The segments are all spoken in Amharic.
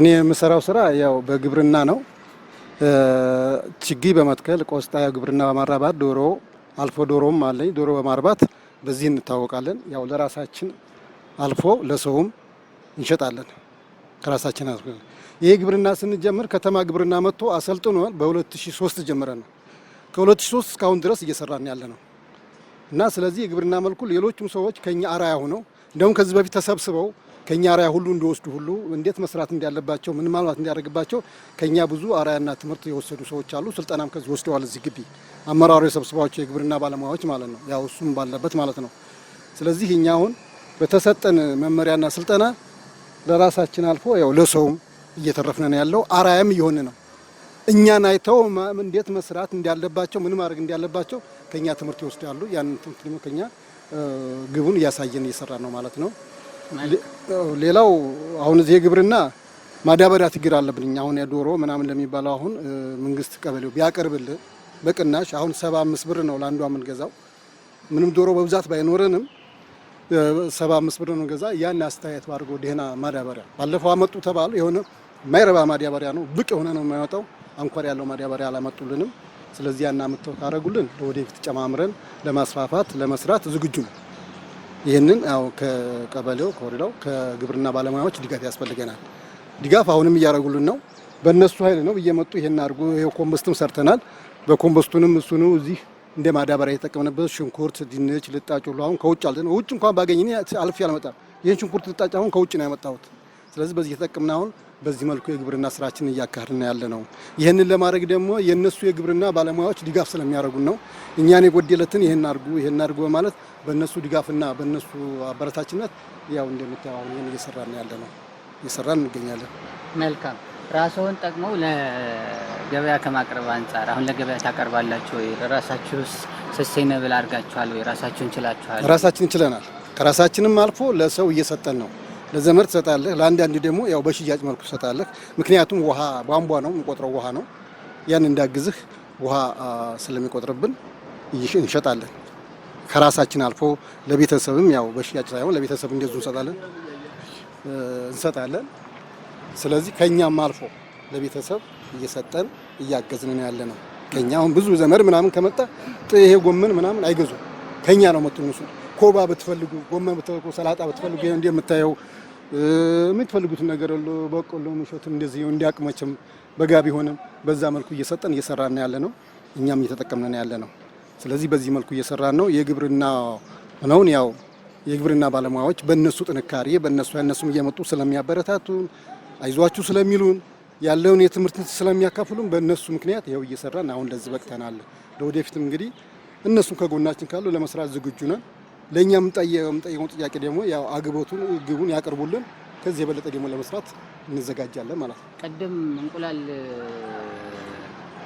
እኔ የምሰራው ስራ ያው በግብርና ነው። ችግኝ በመትከል ቆስጣ፣ ግብርና በማራባት ዶሮ፣ አልፎ ዶሮም አለኝ። ዶሮ በማርባት በዚህ እንታወቃለን። ያው ለራሳችን አልፎ ለሰውም እንሸጣለን። ከራሳችን ይሄ ግብርና ስንጀምር ከተማ ግብርና መጥቶ አሰልጥኗል። በ2003 ጀምረ ነው ከ2003 እስካሁን ድረስ እየሰራን ያለ ነው እና ስለዚህ የግብርና መልኩ ሌሎችም ሰዎች ከኛ አርአያ ሆነው እንደውም ከዚህ በፊት ተሰብስበው ከኛ አርያ ሁሉ እንደወስዱ ሁሉ እንዴት መስራት እንዳለባቸው ምን ማለት እንዲያደርግባቸው ከኛ ብዙ አርያና ትምህርት የወሰዱ ሰዎች አሉ። ስልጠናም ከዚህ ወስደዋል። እዚህ ግቢ አመራሩ የሰብስባቸው የግብርና ባለሙያዎች ማለት ነው፣ ያው እሱም ባለበት ማለት ነው። ስለዚህ እኛ አሁን በተሰጠን መመሪያና ስልጠና ለራሳችን አልፎ ያው ለሰውም እየተረፍነ ነው ያለው፣ አርያም እየሆን ነው። እኛን አይተው እንዴት መስራት እንዳለባቸው ምን ማድረግ እንዳለባቸው ከኛ ትምህርት ይወስዳሉ። ያንን ትምህርት ደግሞ ከኛ ግቡን እያሳየን እየሰራ ነው ማለት ነው። ሌላው አሁን እዚህ የግብርና ማዳበሪያ ችግር አለብን። አሁን የዶሮ ምናምን ለሚባለው አሁን መንግስት ቀበሌው ቢያቀርብልን በቅናሽ አሁን ሰባ አምስት ብር ነው ለአንዷ የምንገዛው። ምንም ዶሮ በብዛት ባይኖረንም ሰባ አምስት ብር ነው ገዛ ያን አስተያየት ባድርጎ ደህና ማዳበሪያ ባለፈው አመጡ ተባሉ። የሆነ ማይረባ ማዳበሪያ ነው ብቅ የሆነ ነው የማይወጣው። አንኳር ያለው ማዳበሪያ አላመጡልንም። ስለዚህ ያና አምጥተው ካረጉልን ለወደፊት ጨማምረን ለማስፋፋት ለመስራት ዝግጁ ነው። ይህንን ያው ከቀበሌው ከወረዳው ከግብርና ባለሙያዎች ድጋፍ ያስፈልገናል። ድጋፍ አሁንም እያደረጉልን ነው። በእነሱ ኃይል ነው እየመጡ ይህን አድርጉ። ኮምበስትም ሰርተናል። በኮምበስቱንም እሱኑ እዚህ እንደ ማዳበሪያ የተጠቀምንበት ሽንኩርት፣ ድንች፣ ልጣጭ ሁሉ አሁን ከውጭ አልተን ውጭ እንኳን ባገኝ አልፍ ያልመጣ ይህን ሽንኩርት ልጣጭ አሁን ከውጭ ነው ያመጣሁት። ስለዚህ በዚህ የተጠቀምን አሁን በዚህ መልኩ የግብርና ስራችን እያካሄድን ያለ ነው። ይህንን ለማድረግ ደግሞ የእነሱ የግብርና ባለሙያዎች ድጋፍ ስለሚያደርጉን ነው። እኛን የጎደለትን ይህን አድርጉ ይህን አድርጉ በማለት በእነሱ ድጋፍና በእነሱ አበረታችነት ያው እንደምታየው ይህን እየሰራን ያለ ነው እየሰራን እንገኛለን። መልካም ራስዎን ጠቅመው ለገበያ ከማቅረብ አንጻር አሁን ለገበያ ታቀርባላችሁ ወይ? ራሳችሁስ ሰስቴነብል አድርጋችኋል ወይ? ራሳችሁን ችላችኋል? ራሳችን ችለናል። ከራሳችንም አልፎ ለሰው እየሰጠን ነው። ለዘመድ ትሰጣለህ፣ ለአንዳንድ ደግሞ ያው በሽያጭ መልኩ ትሰጣለህ። ምክንያቱም ውሃ ቧንቧ ነው የምንቆጥረው ውሃ ነው። ያን እንዳግዝህ ውሃ ስለሚቆጥርብን እንሸጣለን። ከራሳችን አልፎ ለቤተሰብም ያው በሽያጭ ሳይሆን ለቤተሰብ እንደዚሁ እንሰጣለን እንሰጣለን። ስለዚህ ከእኛም አልፎ ለቤተሰብ እየሰጠን እያገዝን ያለ ነው። ከኛ አሁን ብዙ ዘመድ ምናምን ከመጣ ይሄ ጎመን ምናምን አይገዙም። ከኛ ነው መጥቶ እነሱ ኮባ ብትፈልጉ ጎመን ብትፈልጉ ሰላጣ ብትፈልጉ እንደምታየው የምትፈልጉትን ነገር በቆሎ ምሾት እንደዚህ እንዲያቅመችም በጋ ቢሆንም በዛ መልኩ እየሰጠን እየሰራን ያለ ነው። እኛም እየተጠቀምን ያለ ነው። ስለዚህ በዚህ መልኩ እየሰራን ነው። የግብርና ነውን ያው የግብርና ባለሙያዎች በእነሱ ጥንካሬ በእነሱ ያነሱም እየመጡ ስለሚያበረታቱን አይዟችሁ ስለሚሉን ያለውን የትምህርት ስለሚያካፍሉን በእነሱ ምክንያት ይኸው እየሰራን አሁን ለዚህ በቅተናል። ለወደፊትም እንግዲህ እነሱም ከጎናችን ካሉ ለመስራት ዝግጁ ነን። ለእኛም የምንጠይቀው ጥያቄ ደግሞ ያው አግቦቱን ግቡን ያቅርቡልን። ከዚህ የበለጠ ደግሞ ለመስራት እንዘጋጃለን ማለት ነው። ቀደም እንቁላል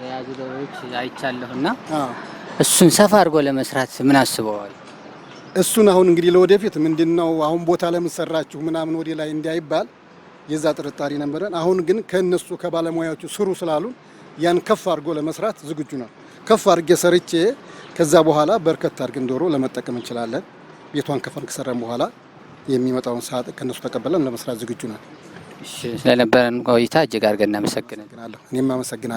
የያዙ ዶሮዎች አይቻለሁ እና እሱን ሰፋ አድርጎ ለመስራት ምን አስበዋል? እሱን አሁን እንግዲህ ለወደፊት ምንድነው አሁን ቦታ ለምንሰራችሁ ምናምን ወደ ላይ እንዳይባል የዛ ጥርጣሬ ነበረን። አሁን ግን ከነሱ ከባለሙያዎቹ ስሩ ስላሉን ያን ከፍ አድርጎ ለመስራት ዝግጁ ነው። ከፍ አድርጌ ሰርቼ ከዛ በኋላ በርከት አድርገን ዶሮ ለመጠቀም እንችላለን። ቤቷን ከፈን ከሰራን በኋላ የሚመጣውን ሰዓት ከነሱ ተቀበለን ለመስራት ዝግጁ ነን። ስለነበረን ቆይታ እጅግ አድርገን እናመሰግናለን። እኔም አመሰግናለሁ።